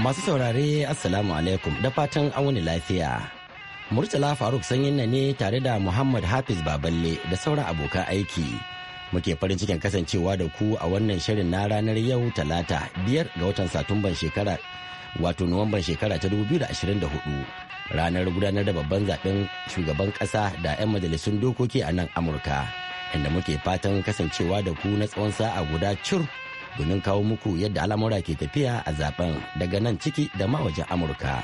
Masu saurare Assalamu alaikum da fatan an wani lafiya. Murtala Faruk sanyin na ne tare da Muhammad Hafiz Baballe da sauran abokan aiki. Muke farin cikin kasancewa da ku a wannan shirin na ranar yau talata biyar ga watan Satumban shekara wato Nuwamban shekara ta 2024 ranar gudanar da babban zaben shugaban kasa da 'yan majalisun dokoki a nan Amurka. Inda muke fatan kasancewa da ku na tsawon sa'a guda cur domin kawo muku yadda al'amura ke tafiya a zaben daga nan ciki da ma wajen Amurka.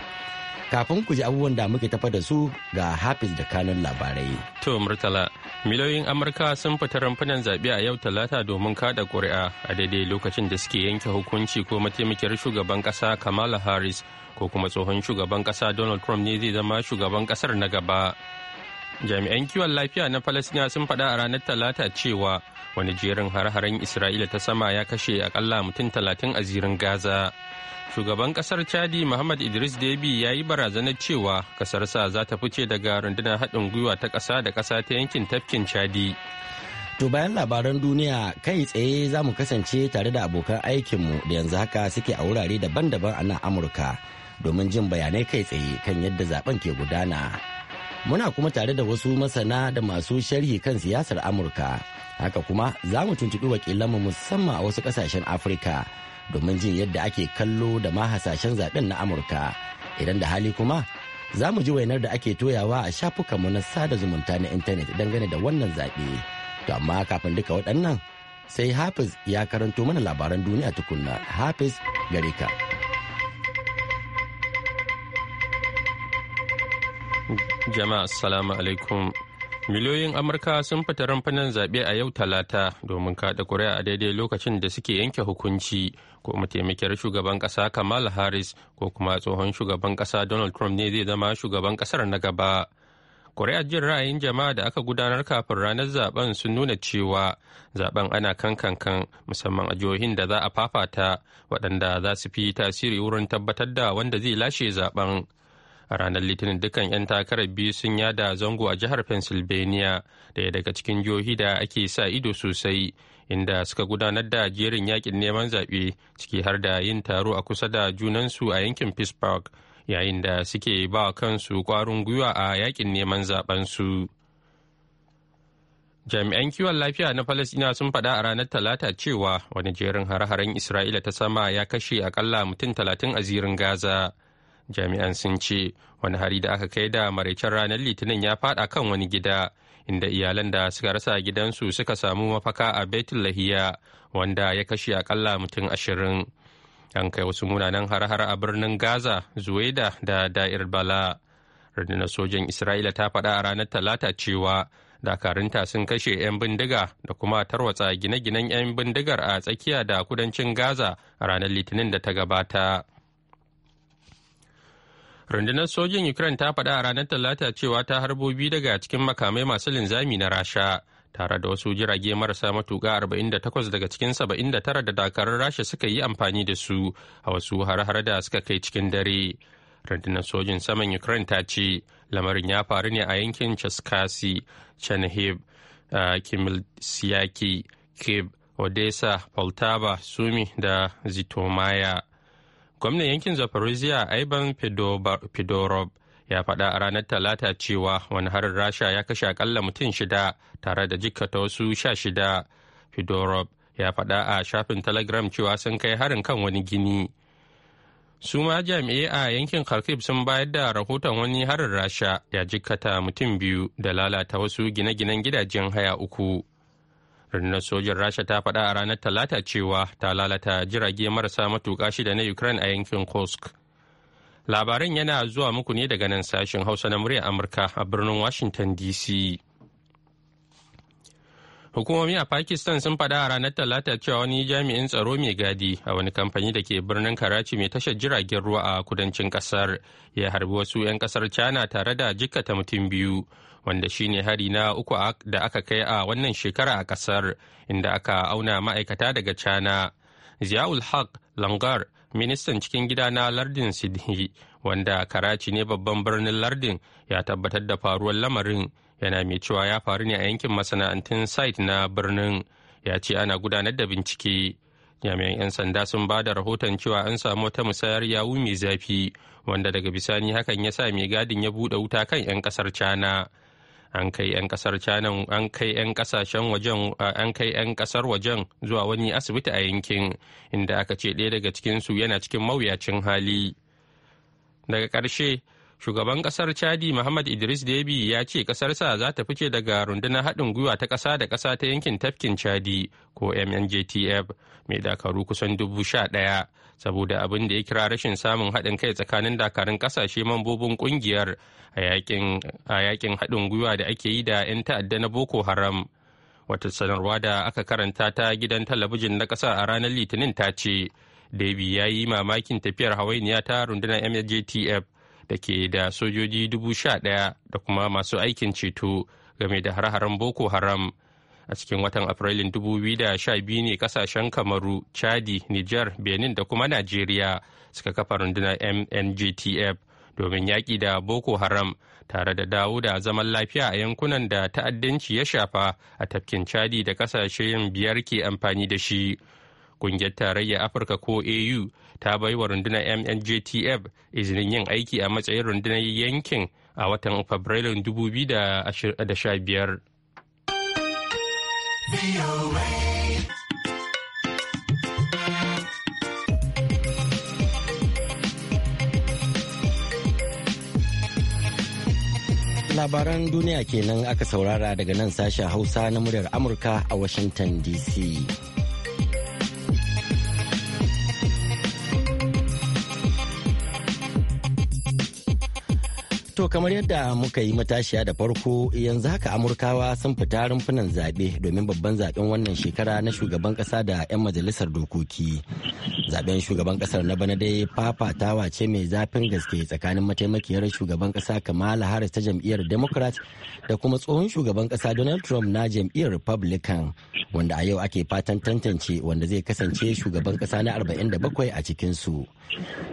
kafin ku ji abubuwan da muke tafa da su ga hafiz da kanun labarai. To Murtala, miliyoyin Amurka sun fita rumfunan zaɓe a yau talata domin kada ƙuri'a a daidai lokacin da suke yanke hukunci ko mataimakiyar shugaban ƙasa Kamala Harris ko kuma tsohon shugaban ƙasa Donald Trump ne zai zama shugaban ƙasar na gaba. jami'an kiwon lafiya na falasina sun faɗa a ranar talata cewa wani jerin har-haren isra'ila ta sama ya kashe akalla mutum talatin a zirin gaza shugaban kasar chadi muhammad idris debi ya yi barazanar cewa kasarsa za ta fice daga rundunar haɗin gwiwa ta ƙasa da ƙasa ta yankin tafkin chadi To bayan labaran duniya kai tsaye za mu kasance tare da abokan aikinmu da yanzu haka suke a wurare daban-daban a nan Amurka domin jin bayanai kai tsaye kan yadda zaben ke gudana. Muna kuma tare da wasu masana da masu sharhi kan siyasar Amurka. Haka kuma za mu tuntuɓi wakilanmu musamman a wasu ƙasashen Afirka domin jin yadda ake kallo da ma hasashen zaɓen na Amurka. Idan da hali kuma za mu ji wainar da ake toyawa a shafukanmu na sada zumunta na intanet dangane da wannan zaɓe. To amma kafin duka waɗannan sai Hafiz ya karanto mana labaran duniya tukunna. Hafiz gare Jama'a assalamu alaikum. Miliyoyin Amurka sun fita rumfunan zaɓe a yau talata domin kaɗa ƙuri'a a daidai lokacin da suke yanke hukunci ko mataimakiyar shugaban ƙasa Kamal Harris ko kuma tsohon shugaban ƙasa Donald Trump ne zai zama shugaban ƙasar na gaba. ƙuri'a jin ra'ayin jama'a da aka gudanar kafin ranar zaben sun nuna cewa zaben ana kan kankan musamman a jihohin da za a fafata waɗanda za su fi tasiri wurin tabbatar da wanda zai lashe zaben. a ranar litinin dukkan 'yan takarar biyu sun yada zango a jihar pennsylvania daya daga cikin jihohi da ake sa ido sosai inda suka gudanar da jerin yakin neman zaɓe ciki har da yin taro a kusa da junansu a yankin pittsburgh yayin da suke ba kansu ƙwarin gwiwa a yakin neman zaɓensu jami'an kiwon lafiya na falasina sun faɗa a ranar talata cewa wani jerin hare-haren isra'ila ta sama ya kashe akalla mutum talatin a zirin gaza jami'an sun ce wani hari da aka kai da maraicen ranar litinin ya fada kan wani gida inda iyalan da suka rasa gidansu suka samu mafaka a betul lahiya wanda ya kashe akalla mutum ashirin an kai wasu munanan har-har a birnin gaza zuwaida da da'ir bala rundunar sojan isra'ila ta faɗa a ranar talata cewa dakarunta sun kashe 'yan bindiga da kuma tarwatsa gine-ginen 'yan bindigar a tsakiya da kudancin gaza a ranar litinin da ta gabata. rundunar sojin ukraine ta faɗa a ranar talata cewa ta harbo biyu daga cikin makamai masu linzami na rasha tare da wasu jirage marasa matuƙa 48 daga cikin 79 da dakarun rasha suka yi amfani da su a wasu har-har da suka kai cikin dare rundunar sojin saman ukraine ta ce lamarin ya faru ne a yankin chaskasi chernihiv kimilsiyaki kib odessa poltava sumi da zitomaya gwamnan yankin zaporozhia ivan fedorov ya faɗa a ranar talata cewa wani harin rasha ya kashe akalla mutum shida tare da jikkata wasu sha shida fedorov ya faɗa a shafin telegram cewa sun kai harin kan wani gini su ma jami'ai a yankin kharkiv sun bayar da rahoton wani harin rasha ya jikkata mutum biyu da lalata wasu gine-ginen gidajen haya uku rundunar sojin rasha ta faɗa a ranar talata cewa ta lalata jirage marasa matuƙa shida na ukraine a yankin kursk labaran yana zuwa muku ne daga nan sashen hausa na muryar amurka a birnin washington dc hukumomi a pakistan sun faɗa a ranar talata cewa wani jami'in tsaro mai gadi a wani kamfani da ke birnin karachi mai tashar jiragen ruwa a kudancin kasar ya harbi wasu 'yan kasar china tare da jikkata mutum biyu wanda shine hari na uku da aka kai a wannan shekara a kasar inda aka auna ma'aikata daga cana ziaul haq langar ministan cikin gida na lardin sidhi wanda karachi ne babban birnin lardin ya tabbatar da faruwar lamarin yana mai cewa ya faru ne a yankin masana'antun site na birnin ya ce ana gudanar da bincike jami'an 'yan sanda sun ba da rahoton cewa an samu wata musayar yawu mai zafi wanda daga bisani hakan ya sa mai gadin ya buɗe wuta kan 'yan ƙasar cana an kai 'yan kasar china an kai 'yan kasashen wajen an kai 'yan kasar wajen zuwa wani asibiti a yankin inda aka ce ɗaya daga cikinsu yana cikin mawuyacin hali daga ƙarshe shugaban kasar chadi muhammad idris debi ya ce kasarsa za ta fice daga rundunar haɗin gwiwa ta ƙasa da ƙasa ta yankin tafkin chadi ko mngtf mai dakaru kusan dubu sha ɗaya saboda abin da ya kira rashin samun haɗin kai tsakanin dakarun ƙasashe mambobin ƙungiyar a yakin haɗin gwiwa da ake yi da 'yan ta'adda na boko haram wata sanarwa da aka karanta ta gidan talabijin na ƙasa a ranar litinin ta ce debi ya yi mamakin tafiyar hawainiya ta rundunar mjtf da ke da sojoji dubu sha ɗaya da kuma masu aikin ceto game da har-haren boko haram a cikin watan afrilun dubu da sha biyu ne kasashen kamaru chadi niger benin da kuma nigeria suka kafa rundunar mngtf domin yaƙi da boko haram tare da dawo da zaman lafiya a yankunan da ta'addanci ya shafa a tafkin chadi da kasashen biyar ke amfani da shi ƙungiyar tarayyar afirka ko au ta bai wa rundunar mnjtf izinin yin aiki a matsayin rundunar yankin a watan fabrairun 2015 labaran duniya kenan aka saurara daga nan sashen hausa na muryar amurka a washington dc To kamar yadda muka yi matashiya da farko yanzu haka Amurkawa sun fita rumfunan zaɓe domin babban zaɓen wannan shekara na shugaban ƙasa da 'yan majalisar dokoki. zaben shugaban kasar na bana dai fafatawa ce mai zafin gaske tsakanin mataimakiyar shugaban kasa kamala harris ta jam'iyyar democrat da kuma tsohon shugaban kasa donald trump na jam'iyyar republican wanda a yau ake fatan tantance wanda zai kasance shugaban kasa na 47 a cikinsu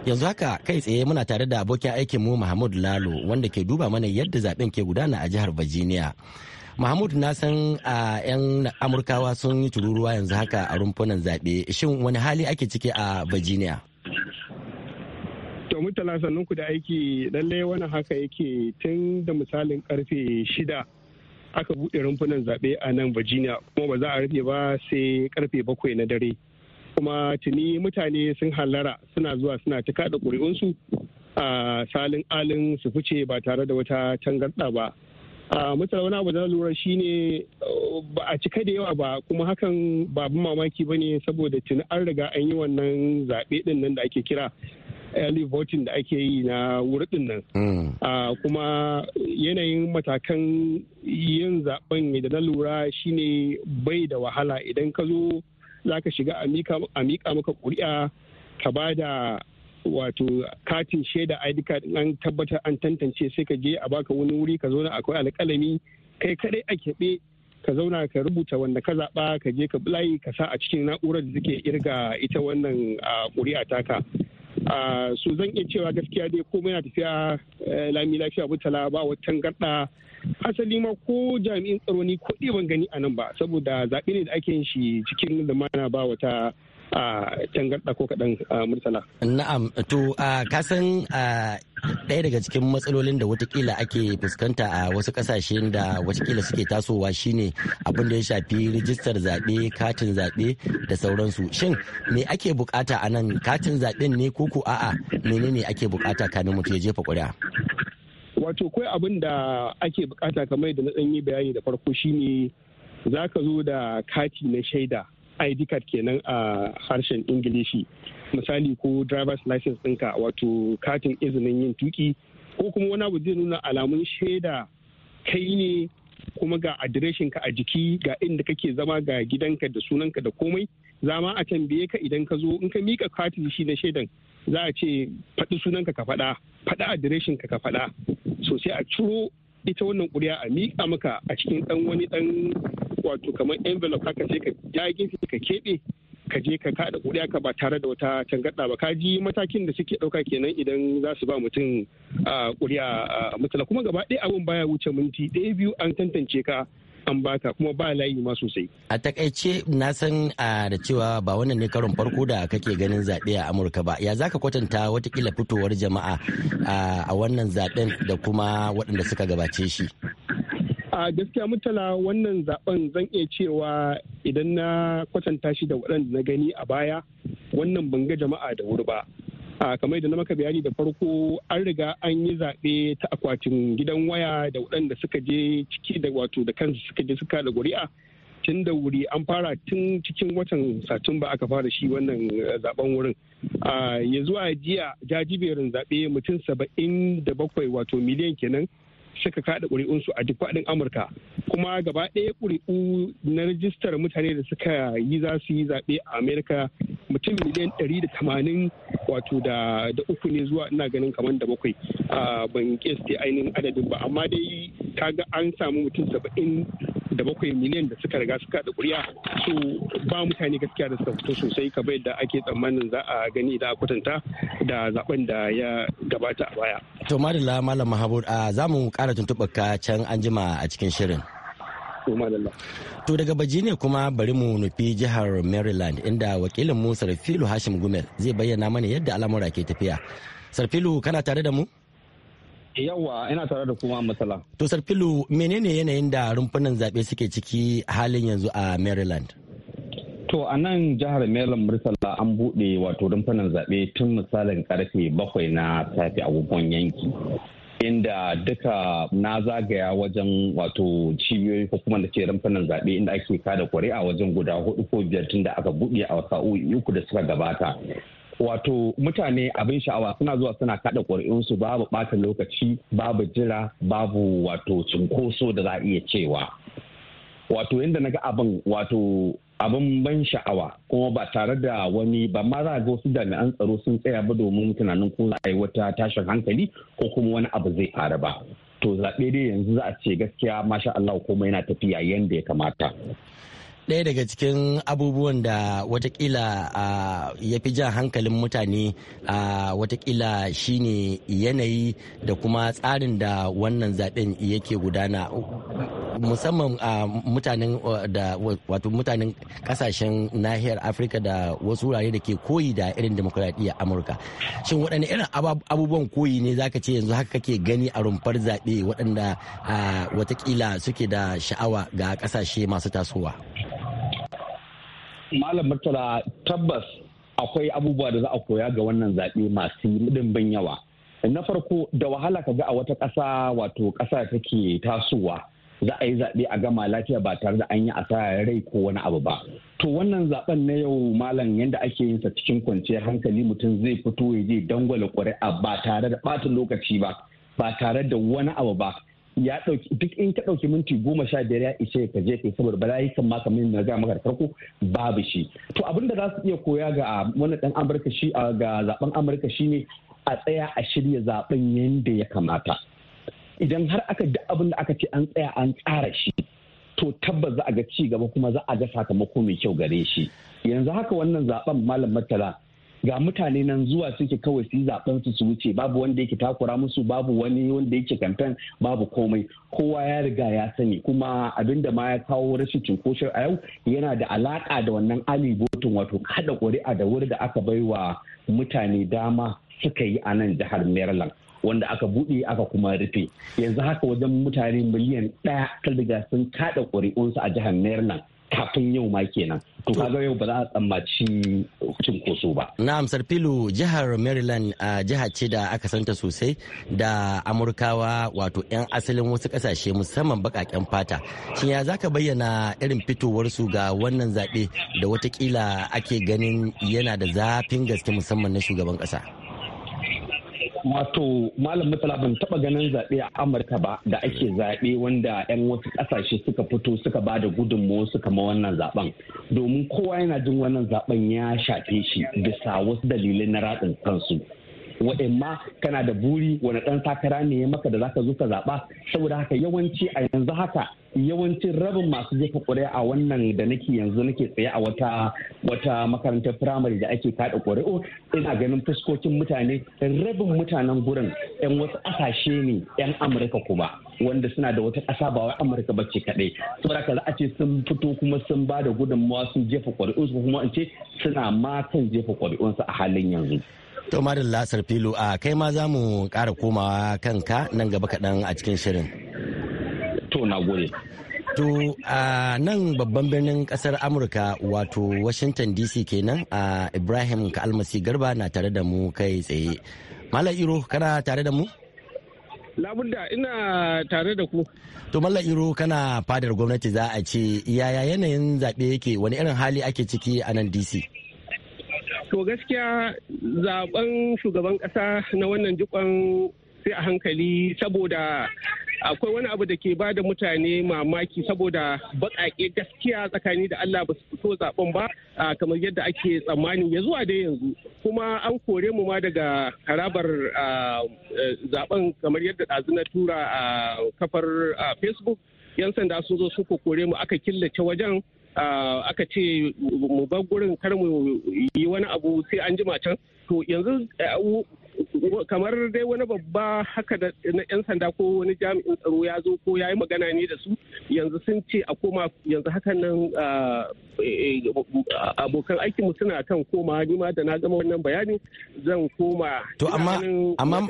yanzu haka kai tsaye muna tare da abokin aikinmu mahmud lalo wanda ke duba mana yadda zaben ke gudana a jihar virginia mahmud na san a 'yan amurkawa sun yi tururuwa yanzu haka a rumfunan zaɓe shin wani hali ake ciki a virginia to mutala ku da aiki lalle wani haka yake tun da misalin karfe shida aka buɗe rumfunan zaɓe a nan virginia kuma ba za a rufe ba sai karfe bakwai na dare kuma tuni mutane sun hallara suna zuwa suna ta kaɗa ƙuri'unsu a salin alin su fice ba tare da wata tangarɗa ba mutane wani abu da lura shine uh, ba a cika da yawa ba kuma hakan babu mamaki ba ne saboda tuni an riga an yi wannan zaɓe ɗin nan da ake kira early voting da ake yi na wurɗin nan hmm. kuma yanayin matakan yin zaɓen da na lura shine bai da wahala idan ka zo za ka shiga a miƙa maka ƙuri'a ka ba da wato katin shaida ID card an tabbatar an tantance sai ka je a baka wani wuri ka zauna akwai alƙalami kai kadai a keɓe ka zauna ka rubuta wanda ka zaɓa ka je ka layi ka sa a cikin na'urar da suke irga ita wannan ƙuri'a taka. su zan iya cewa gaskiya dai komai na tafiya eh, lami lafiya mutala ba wa garɗa asali ma ko jami'in tsaro ni ko ban gani a nan ba saboda zaɓe ne da ake yin shi cikin lumana ba wata tangarɗa ko kaɗan murtala. Na'am, to kasan ɗaya daga cikin matsalolin da watakila ake fuskanta a wasu ƙasashen da watakila suke tasowa shine abin da ya shafi rijistar zaɓe, katin zaɓe da sauransu. Shin me ake bukata a nan katin zaɓen ne ko ku a'a menene ake bukata kamin mutum ya jefa ƙuri'a? Wato kawai abin da ake bukata kamar da na ɗan yi bayani da farko shine za ka zo da kati na shaida id card kenan a harshen ingilishi misali ko driver's license ɗinka wato katin izinin yin tuki ko kuma wani abu zai nuna alamun shaida kai ne kuma ga adireshin ka a jiki ga inda kake zama ga gidanka da sunanka da komai zama a tambaye ka idan ka zo in ka mika katin shi na shaidan za a ce faɗi sunanka ka faɗa faɗa adireshin ka ka faɗa sosai a ciro ita wannan ƙuri'a a miƙa maka a cikin ɗan wani ɗan wato kamar envelope haka sai ka ja gefe ka keɓe ka je ka kaɗa ƙuri'a ka ba tare da wata tangarɗa ba ka ji matakin da suke ɗauka kenan idan za su ba mutum ah, ƙuri'a matsala kuma gaba ɗaya abin baya wuce minti ɗaya biyu an tantance ka an bata kuma ba layi ma sosai a takaice na san a da cewa ba wannan ne karon farko da kake ganin zaɓe a amurka ba ya zaka kwatanta wata watakila fitowar jama'a a wannan zaɓen da kuma waɗanda suka gabace shi a gaskiya mutala wannan zaben zan iya cewa idan na kwatanta shi da waɗanda na gani a baya wannan ban ga jama'a da wuri ba a kamar da na maka bayani da farko an riga an yi zaɓe ta akwatin gidan waya da waɗanda suka je ciki da wato da kansu suka je suka da guri'a tun da wuri an fara tun cikin watan satumba aka fara shi wannan eh, zaben wurin ya zuwa jiya jajiberin zaɓe mutum saba'in da bakwai wato miliyan kenan suka kaɗa ƙuri'unsu a duk faɗin amurka kuma gaba ɗaya ƙuri'u na rijistar mutane da suka yi za su yi zaɓe a amerika mutum miliyan ɗari da tamanin wato da uku ne zuwa ina ganin kamar da bakwai ban keste ainihin adadin ba amma dai kaga an samu mutum saba'in da bakwai miliyan da suka riga suka da kuriya su ba mutane gaskiya da suka fito sosai ka bai da ake tsammanin za a gani da kwatanta da zaben da ya gabata a baya. To Madalla Malam Mahabud a zamu kara tuntuɓar ka can anjima a cikin shirin. To daga ne kuma bari mu nufi jihar Maryland inda wakilin mu Sarfilu Hashim Gumel zai bayyana mana yadda al'amura ke tafiya. Sarfilu kana tare da mu? Yawwa ina tare da kuma matsala. To Sarfilu menene yanayin da rumfunan zaɓe suke ciki halin yanzu a Maryland? To a nan jihar Maryland Murtala an buɗe wato rumfunan zaɓe tun misalin karfe bakwai na safe agogon yanki. inda duka na zagaya wajen wato cibiyoyi ko kuma da ke rumfunan zaɓe inda ake kada ƙuri'a wajen guda hudu ko biyar tun da aka buɗe a sa'o'i uku da suka gabata wato mutane abin sha'awa suna zuwa suna kada su babu ɓata lokaci babu jira babu wato cunkoso da za a iya cewa wato yadda na ga abin wato abin ban sha'awa kuma ba tare da wani ba ma za ga wasu jami'an tsaro sun tsaya ba domin tunanin ko za a yi wata tashin hankali ko kuma wani abu zai faru ba to zaɓe dai yanzu za a ce gaskiya masha Allah komai yana tafiya yadda ya kamata ɗaya daga cikin abubuwan da watakila ya fi jan hankalin mutane watakila shine yanayi da kuma tsarin da wannan zaben yake gudana musamman mutanen da wato mutanen kasashen nahiyar afirka da wasu wurare da ke koyi da irin demokuraɗiyya amurka shin waɗanne irin abubuwan koyi ne zaka ce yanzu haka kake gani a rumfar zaɓe waɗanda watakila suke da sha'awa ga kasashe masu tasowa Malam Murtala tabbas akwai abubuwa da za a koya ga wannan zaɓe masu ɗimbin yawa. Na farko da wahala ka ga a wata ƙasa wato ƙasa take tasowa za a yi zaɓe a gama lafiya ba tare da an yi asarar rai ko wani abu ba. To wannan zaɓen na yau malam yadda ake yin sa cikin kwanciyar hankali mutum zai fito ya je dangwala ƙuri'a ba tare da ɓata lokaci ba ba tare da wani abu ba ya dauki duk in ka dauki minti goma sha biyar ya ishe ka kai saboda yi kan maka min na ga maka farko babu shi to abin da za su iya koya ga ah, wannan dan amurka shi ah, ga zaben amurka shine a tsaya a shirya zaben yanda ya kamata idan har aka duk abin da aka ce an tsaya an tsara shi to tabbas za a ga ci gaba kuma za a ga sakamako mai kyau gare shi yanzu haka wannan zaben malam matala ga mutane nan zuwa suke kawai su yi zaben su su wuce babu wanda yake takura musu babu wani wanda yake kamfen babu komai kowa ya riga ya sani kuma abinda ma ya kawo rashin cinkoshin a yau yana da alaka da wannan ali botun wato kada ƙuri'a da wuri da aka bai wa mutane dama suka yi a nan jihar maryland wanda aka buɗe aka kuma rufe yanzu haka wajen mutane miliyan ɗaya ta riga sun kada ƙuri'unsu a jihar maryland kafin yau ma kenan to kaga yau ba za a tsammaci koso ba na'am sarfilu jihar maryland a jiha ce da aka santa sosai da amurkawa wato 'yan asalin wasu kasashe musamman bakaken fata shin ya zaka bayyana irin fitowar su ga wannan zaɓe da watakila ake ganin yana da zafin gaske musamman na shugaban ƙasa wato malam mutala ban taba ganin zaɓe a amurka ba da ake zaɓe wanda 'yan wasu ƙasashe suka fito suka ba da gudunmawa suka ma wannan zaɓen domin kowa yana jin wannan zaɓen ya shafe shi bisa wasu dalilai na raɗin kansu wa'in kana da buri wani ɗan takara ne ya maka da zaka zo ka zaɓa saboda haka yawanci a yanzu haka yawancin rabin masu jefa ƙuri'a a wannan da nake yanzu nake tsaye a wata makarantar firamare da ake kada ƙuri'u ina ganin fuskokin mutane rabin mutanen gurin yan wasu ƙasashe ne yan amurka kuma wanda suna da wata ƙasa ba wai amurka ba ce kaɗai saboda za a ce sun fito kuma sun ba da gudunmawa sun jefa ƙuri'unsu kuma in ce suna matan jefa ƙuri'unsu a halin yanzu. To Lasar Filo a kai ma za mu ƙara komawa kanka nan gaba kaɗan a cikin shirin. To na gode. To a nan babban birnin ƙasar Amurka wato Washington DC kenan a Ibrahim Kalmasi Garba na tare da mu kai tsaye. Malam Iro kana tare da mu? labudda ina tare da ku. To Malla kana fadar gwamnati za a ce yaya yanayin zaɓe yake wani irin hali ake ciki a nan DC? To gaskiya zaben shugaban ƙasa na wannan jikon sai a hankali saboda akwai wani abu da ke ba da mutane mamaki saboda baƙaƙe gaskiya tsakani da Allah ba su fito zaben ba kamar yadda ake tsammani ya zuwa dai yanzu kuma an kore mu ma daga harabar zaben kamar yadda ɗazu na tura a kafar facebook yan sanda sun zo suka kore mu aka killace wajen Ah, aka ce mu bar gurin kar mu yi wani abu sai an jima can to yanzu eh, kamar dai wani babba haka na 'yan sanda ko wani jami'in tsaro ya zo ko ya yi magana ne da su yanzu sun ce a koma yanzu hakan nan ah, eh, eh, abokan aikinmu suna kan koma ni ma da na gama wannan bayanin zan koma to amma amma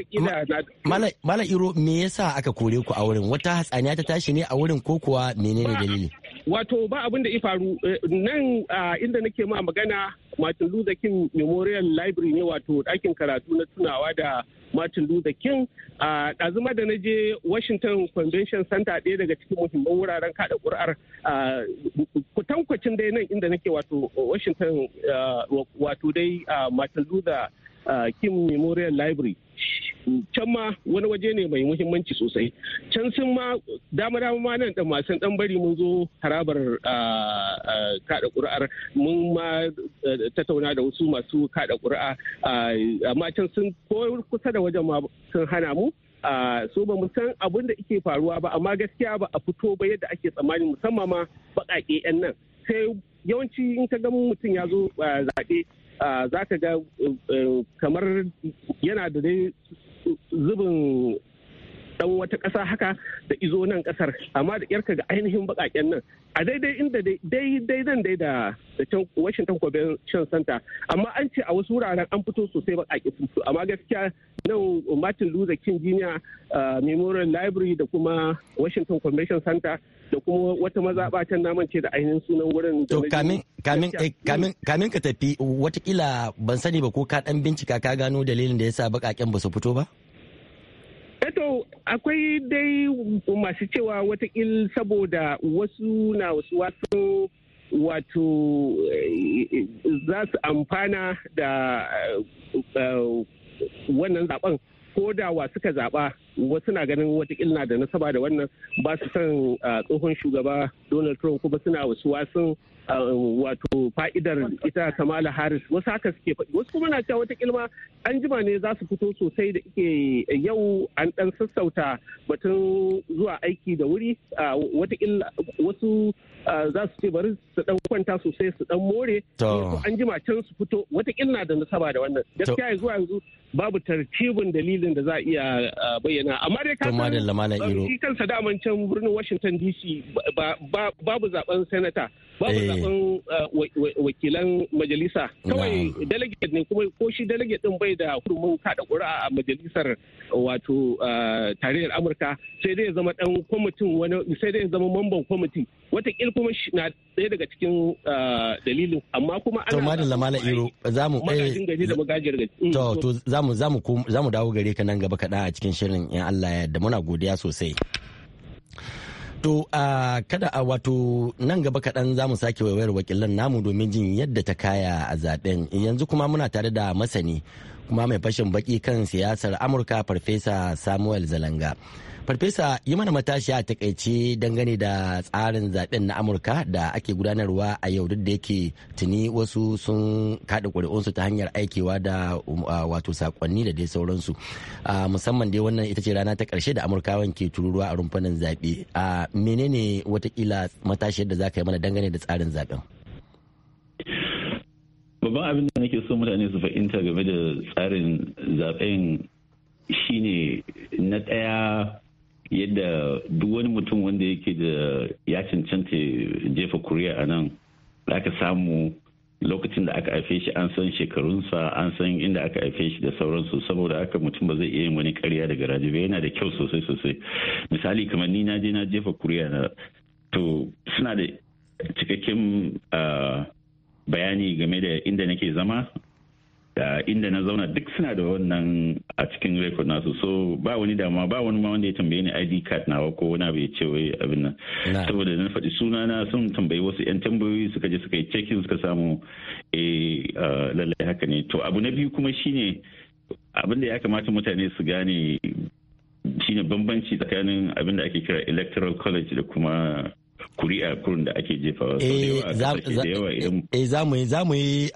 mala iro me yasa aka kore ku a wurin wata hatsaniya ta tashi ne a wurin ko kuwa menene dalili wato ba abin da ya faru eh, nan inda nake ma magana martin luther king memorial library ne wato dakin karatu na tunawa da martin luther king ɗazuma da na je washington convention center ɗaya daga cikin muhimman wuraren kada ƙuri'ar kutankwacin dai nan inda nake wato washington eh, wato dai martin luther eh, king memorial library can ma wani waje ne mai muhimmanci sosai can sun ma dama dama ma nan dan masu dan bari mun zo harabar ah, ah, kada ƙuri'ar mun ma eh, tattauna da wasu masu kada ƙuri'a ah, amma can sun ko kusa da wajen ma sun hana mu so ba mu san abin da ke faruwa ba amma gaskiya ba a fito ba yadda ake tsammani musamman ma bakake 'yan nan sai yawanci in ka ga mutum ya zo zaɓe za ka ga eh, eh, kamar yana da dai zubin wata ƙasa haka da izo nan ƙasar amma da yarka ga ainihin baƙaƙen nan a daidai inda daidai nan dai da can Washington Convention Center amma an ce a wasu wuraren an fito sosai baƙaƙe fito amma gaskiya nan Martin Luther King Jr. Memorial Library da kuma Washington Convention Center da kuma wata mazaɓa can naman ce da ainihin sunan wurin da eh, kamin ka tafi watakila ban sani ba ko ka dan bincika ka gano dalilin da yasa baƙaƙen ba su fito ba? to akwai dai masu cewa watakil saboda wasu na wasu wasu wato eh, za su amfana da eh, eh, wannan zaben ko da wa suka zaba wasu na ganin watakila na da nasaba da wannan ba su son tsohon shugaba donald trump kuma suna wasu wasan wato fa'idar ita kamala harris wasu haka suke faɗi wasu kuma na cewa watakila an jima ne za su fito sosai da ike yau an ɗan sassauta batun zuwa aiki da wuri watakila wasu za su ce bari su dan kwanta sosai su dan more an jima can su fito watakila na da nasaba da wannan gaskiya zuwa yanzu babu tartibin dalilin da za a iya bayyana kenan amma dai ka san shi kansa daman can birnin Washington DC babu zaben senata babu eh. zaben eh, wakilan majalisa kawai delegate ne kuma ko shi delegate din bai da hurumin kada ƙuri'a a majalisar wato eh, tarayyar amurka sai dai ya zama dan kwamitin wani sai dai ya zama mamban kwamiti watakil kuma na ɗaya daga cikin dalilin amma kuma ana to madalla mala iro zamu magajin da mm, to to zamu zamu dawo gare ka nan gaba kaɗan a cikin shirin in Allah ya yarda muna godiya sosai To a kada a wato nan gaba kaɗan za mu sake waiwayar wakilan namu domin jin yadda ta kaya a zaɓen yanzu kuma muna tare da masani kuma mai fashin baki kan siyasar amurka farfesa samuel zalanga farfesa yi mana matashi a takaice dangane da tsarin zaben na amurka da ake gudanarwa a yau duk da yake tuni wasu sun kada ƙuri'unsu ta hanyar aikewa da um, wato sakonni da dai sauransu musamman dai wannan ita ce rana ta ƙarshe da amurkawan ke tururuwa a rumfanin zaɓe menene watakila matashiyar da za ka yi mana dangane da tsarin zaben babban abin da nake so mutane su fahimta game da tsarin zaben shine na ɗaya yadda duk wani mutum wanda yake da ya cancanta jefa kuri'a a nan da aka samu lokacin da aka haife shi an san shekarunsa an san inda aka haife shi da sauransu saboda haka mutum ba zai iya yin wani karya daga raji ba yana da kyau sosai sosai misali kamar ni na je na jefa kuri'a na to suna da cikakken zama da inda na zauna duk suna da wannan a cikin record nasu so ba wani damuwa ba wani ma wanda ya tambaye ni ID card nawa ko wani abu ya ce wai abin nan saboda na faɗi suna na sun tambayi wasu yan tambayoyi suka je suka yi checking suka samu eh, a lallai haka ne to abu na biyu kuma shine abin da ya kamata mutane su gane shine bambanci tsakanin abin da ake kira electoral college da kuma kuri'a kurin da ake jefa jefawa eh da yawa eh, yi za mu yi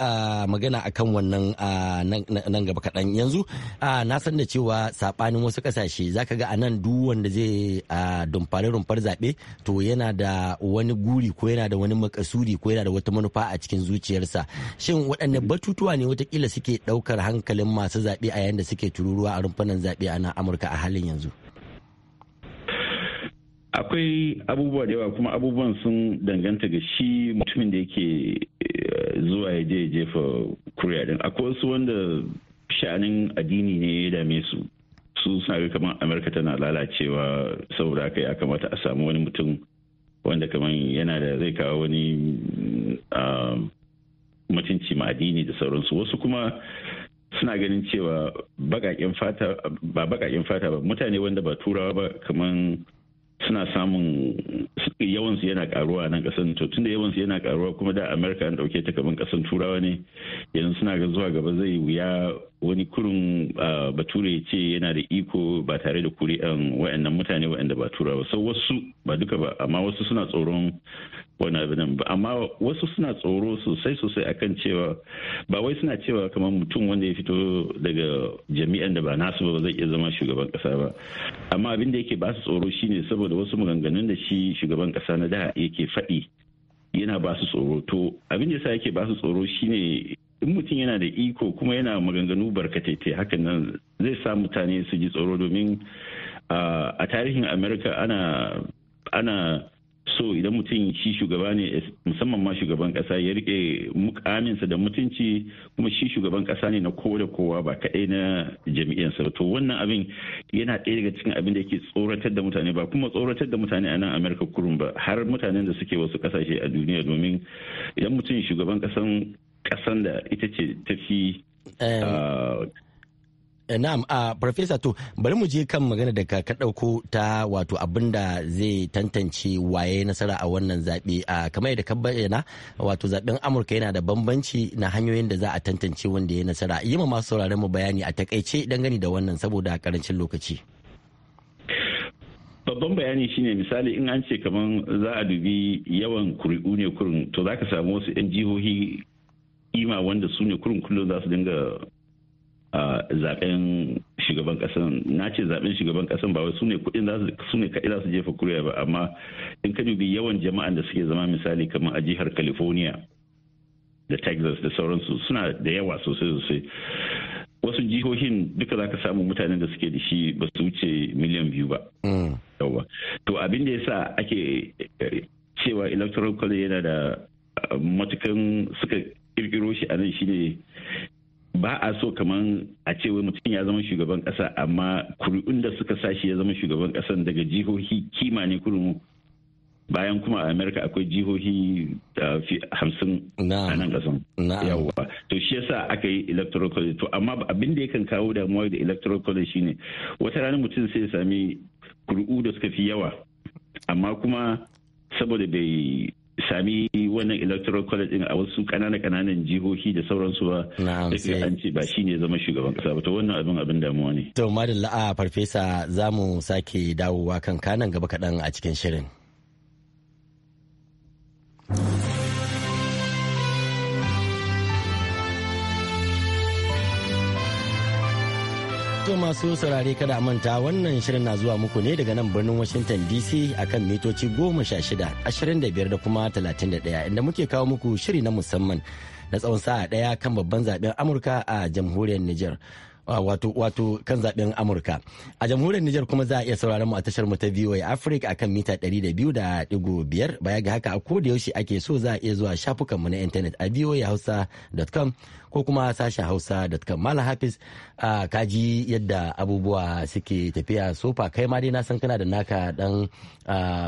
magana a kan wannan nan gaba kaɗan yanzu na san da cewa saɓanin wasu ƙasashe za ka ga a nan duk wanda zai dumfari rumfar zaɓe to yana da wani guri ko yana da wani makasuri ko yana da wata manufa a cikin zuciyarsa shin waɗanne mm-hmm. batutuwa ne watakila suke ɗaukar hankalin masu zaɓe a yayin da suke tururuwa a rumfunan zaɓe a nan amurka a halin yanzu akwai abubuwa da yawa kuma abubuwan sun danganta ga shi mutumin da yake eh, zuwa ya je jefa kuriya din akwai wasu wanda sha'anin addini ne ya dame su su suna ga kamar amurka tana lalacewa saboda haka ya kamata a samu wani mutum wanda kamar yana da zai kawo wani ah, mutunci ma addini da sauransu wasu kuma suna ganin cewa fata ba bakakin fata ba mutane wanda ba turawa ba kamar suna samun yawansu yana karuwa nan kasan to tunda yawansu yana karuwa kuma da amerika an dauke ta kaman kasan turawa ne yanzu suna zuwa gaba zai wuya wani kurin bature ya ce yana da iko ba tare da kuri'an wa'annan mutane wa'anda ba tura ba sau wasu ba duka ba amma wasu suna tsoron wani abin ba amma wasu suna tsoro sosai sosai akan cewa ba wai suna cewa kamar mutum wanda ya fito daga jami'an da ba nasu ba zai iya zama shugaban kasa ba amma abin da yake ba su tsoro shine saboda wasu maganganun da shi shugaban kasa na da yake faɗi yana ba su tsoro to abin da yake ba su tsoro shine in mutum yana da iko kuma yana maganganu barkataite hakan nan zai sa mutane su ji tsoro domin a tarihin america ana ana so idan mutum shi shugaba ne musamman ma shugaban kasa ya rike mukaminsa da mutunci kuma shi shugaban kasa ne na kowa da kowa ba kaɗai na jami'ansa ba to wannan abin yana ɗaya daga cikin abin da yake tsoratar da mutane ba kuma tsoratar da mutane a nan amerika kurum ba har mutanen da suke wasu kasashe a duniya domin idan mutum shugaban kasan kasan da ita ce tafi eh. ah, eh, Na'am, a ah, to bari mu je kan magana da ka ɗauko ta wato abin da zai tantance waye nasara a wannan zaɓe a ah, kamar yadda ka bayyana wato zaɓen Amurka yana da bambanci na hanyoyin da za a tantance wanda ya nasara. Yi ma masu sauraron mu bayani a takaice gani da wannan saboda karancin lokaci. babban bayani shine misali in an ce kamar za a dubi yawan kuri'u ne kurin to za ka samu wasu 'yan jihohi kima wanda su ne kurin kullum za su dinga zaben shugaban kasan na ce zaben shugaban kasan ba wai su ne kudin su ne kaɗai za su jefa kuriya ba amma in ka dubi yawan jama'an da suke zama misali kamar a jihar california da texas da sauransu suna da yawa sosai sosai wasu jihohin duka za ka samu mutanen da suke da shi ba su wuce miliyan biyu ba mm. to abin da ya sa ake eh, cewa electoral college yana da eh, matukan suka kirkiro shi a nan shine ba a so kaman a ce wai mutum ya zama shugaban kasa amma kuri'un da suka sa shi ya zama shugaban kasan daga jihohi kima ne kurmu bayan kuma a amerika akwai jihohi hamsin a nan kasan yawa to shi yasa aka yi electoral college to amma abin da yakan kawo damuwa da electoral college shine wata rana mutum sai ya sami kuri'u da suka fi yawa amma kuma saboda bai sami wannan electoral college din a wasu kanana kananan jihohi da sauransu ba da an ce ba shine zama shugaban kasa ba to wannan abin abin damuwa ne to madalla a farfesa mu sake dawowa kan kanan gaba kaɗan a cikin shirin To masu saurare kada manta wannan shirin na zuwa muku ne daga nan birnin Washington DC akan mitoci goma sha shida, ashirin da biyar da kuma talatin ɗaya inda muke kawo muku shiri na musamman na tsawon sa'a daya kan babban zaben Amurka a jamhuriyar Nijar. wato wato kan zaɓen Amurka. A jamhuriyar Nijar kuma za a iya sauraron mu a tashar mu ta VOA Africa kan mita ɗari da da biyu biyar baya ga haka a da yaushe ake so za a iya zuwa shafukan mu na intanet a voahausa.com ko kuma sashen hausa.com mala hafiz a kaji yadda abubuwa suke tafiya sofa kai ma dai na san kana da naka dan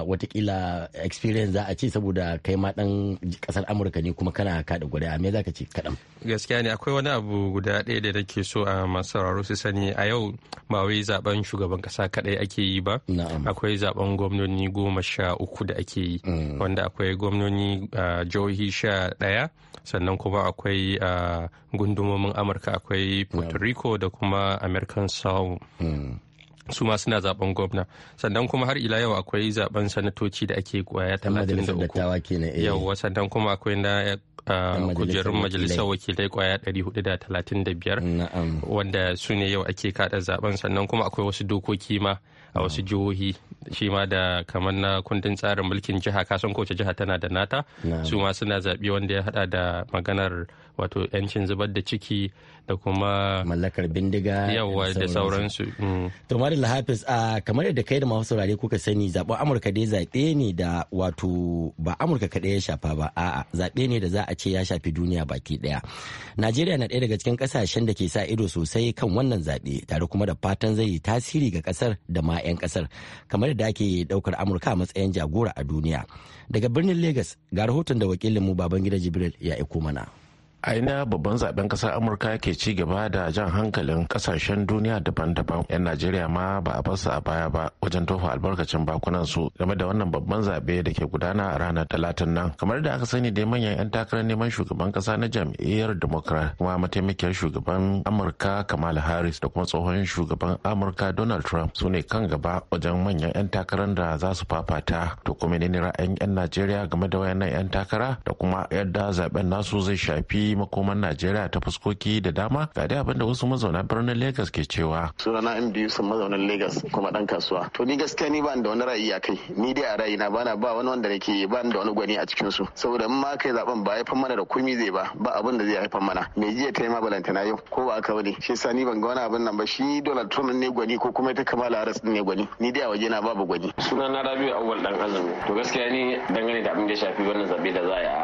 watakila experience za a ce saboda kai ma dan kasar amurka ne kuma kana kada gwada me za ka ce kaɗan gaskiya ne akwai wani abu guda ɗaya da nake so a sauraro su sani a yau ba wai zaben shugaban kasa kadai ake yi ba akwai zaben gwamnoni goma sha uku da ake yi mm. wanda akwai gwamnoni jihohi sha daya sannan kuma akwai gundumomin amurka akwai puerto rico da kuma american saul mm. su ma suna zaben gwamna sannan kuma har ila yau akwai zaben sanatoci da ake kwaya talatin da uku eh. yauwa sannan kuma akwai na kujerun majalisar wakilai kwaya 435 wanda su ne yau ake kada zaben sannan kuma akwai wasu dokoki ma a wasu jihohi shi ma da kamar na kundin tsarin mulkin jiha kasan kowace jiha tana da nata su ma suna zaɓe wanda ya hada da maganar wato 'yancin zubar da ciki da kuma mallakar bindiga yawa da sauransu. Mm. To Madalla Hafiz a kamar yadda kai da masu saurare kuka sani zaben Amurka dai zaɓe ne da wato ba Amurka kaɗai ya shafa ba a'a zaɓe ne da za a ce ya shafi duniya baki ɗaya. Najeriya na ɗaya daga cikin ƙasashen da ke sa ido sosai kan wannan zaɓe tare kuma da fatan zai yi tasiri ga ƙasar da ma 'yan ƙasar kamar yadda ake ɗaukar Amurka a matsayin jagora a duniya. Daga birnin Legas ga rahoton da wakilinmu Babangida Jibril ya aiko mana. a ina babban zaben kasar amurka ke ci gaba da jan hankalin kasashen duniya daban-daban yan najeriya ma ba a basu a baya ba wajen tofa albarkacin bakunan su game da wannan babban zabe da ke gudana a ranar talatin nan kamar da aka sani da manyan yan takarar neman shugaban kasa na jam'iyyar democrat kuma mataimakiyar shugaban amurka kamal harris da kuma tsohon shugaban amurka donald trump su ne kan gaba wajen manyan yan takarar da za su fafata to kuma ne ra'ayin yan najeriya game da wayannan yan takara da kuma yadda zaben nasu zai shafi makoman najeriya ta fuskoki da dama ga dai abinda wasu mazauna birnin lagos ke cewa sunana in biyu sun mazaunan lagos kuma dan kasuwa to ni gaskiya ni ba da wani ra'ayi a kai ni dai a ra'ayina ba na ba wani wanda nake ba da wani gwani a cikin su saboda in ma kai zaben ba haifan mana da kumi zai ba ba abin da zai haifan mana me jiya ta yi ma na yau ko ba aka bane shi yasa ni ban ga wani abin nan ba shi Donald Trump ne gwani ko kuma ta Kamala Harris ne gwani ni dai a waje na babu gwani sunana Rabiu Awwal dan Azumi to gaskiya ni dangane da abin da ya shafi wannan zabe da za a yi a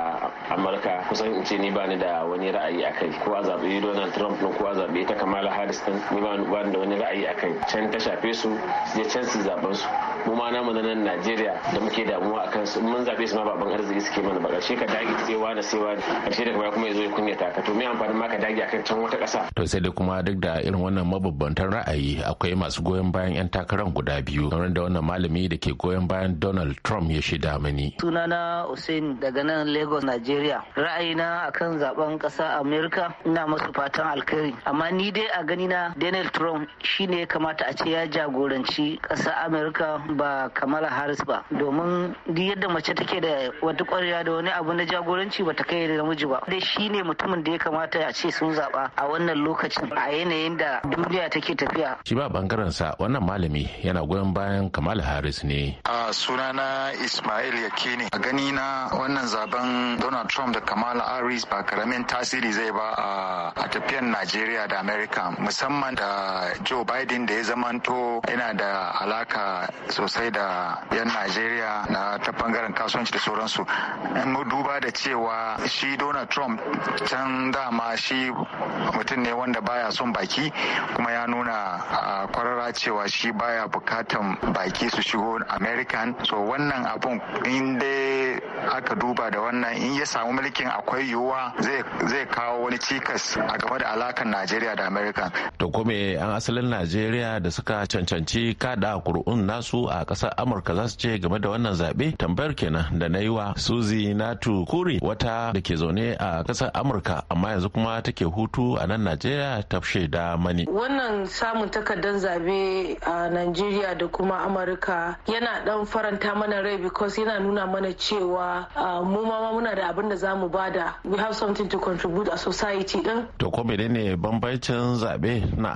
Amurka kusan in ce ni ba ni da a wani ra'ayi a kai ko a zaɓi donald trump ko a zaɓi ta kamala harris ɗin ni ba da wani ra'ayi a kai can ta shafe su ya can su zaɓen su mu ma namu na nan najeriya da muke damuwa a kansu mun zaɓe su ma baban arziki suke mana ba ƙarshe ka dage tsewa da a ƙarshe da kuma kuma ya zo ya kunyata ka to me amfani ma ka dage kan can wata ƙasa. to sai dai kuma duk da irin wannan mabambantan ra'ayi akwai masu goyon bayan 'yan takarar guda biyu kamar da wannan malami da ke goyon bayan donald trump ya shaida mani. sunana hussein daga nan lagos nigeria ra'ayina akan zaɓen shugaban kasa amerika ina masu fatan alkhairi amma ni dai a gani na Daniel trump shine ya kamata a ce ya jagoranci kasa amerika ba kamala harris ba domin duk yadda mace take da wata kwarya da wani abu na jagoranci ba ta kai da namiji ba dai shine mutumin da ya kamata a ce sun zaba a wannan lokacin a yanayin da duniya take tafiya shi ba bangaren sa wannan malami yana goyon bayan kamala harris ne a sunana ismail yakini a gani na wannan zaben donald trump da kamala harris ba karamin karamin tasiri zai ba a tafiyan Najeriya da Amerika musamman da Joe Biden da ya zamanto yana da alaka sosai da 'yan Najeriya na ta bangaren kasuwanci da sauransu. Mu duba da cewa shi Donald Trump can dama shi mutum ne wanda baya son baki kuma ya nuna a kwarara cewa shi baya bukatan baki su shigo American. So wannan abun in dai aka duba da wannan in ya samu mulkin akwai yiwuwa zai kawo wani cikas a game da alakan najeriya da amerika to kuma an asalin najeriya da suka cancanci kada kuri'un nasu a ƙasar amurka za su ce game da wannan zaɓe tambayar kenan da na yi wa suzi natu kuri wata da ke zaune a kasar amurka amma yanzu kuma take hutu a nan najeriya ta da mani wannan samun takardar zaɓe a najeriya da kuma amurka yana ɗan faranta mana rai because yana nuna mana cewa mu ma muna da abin da zamu bada we have something to contribute a society din to ko menene bambancin zabe na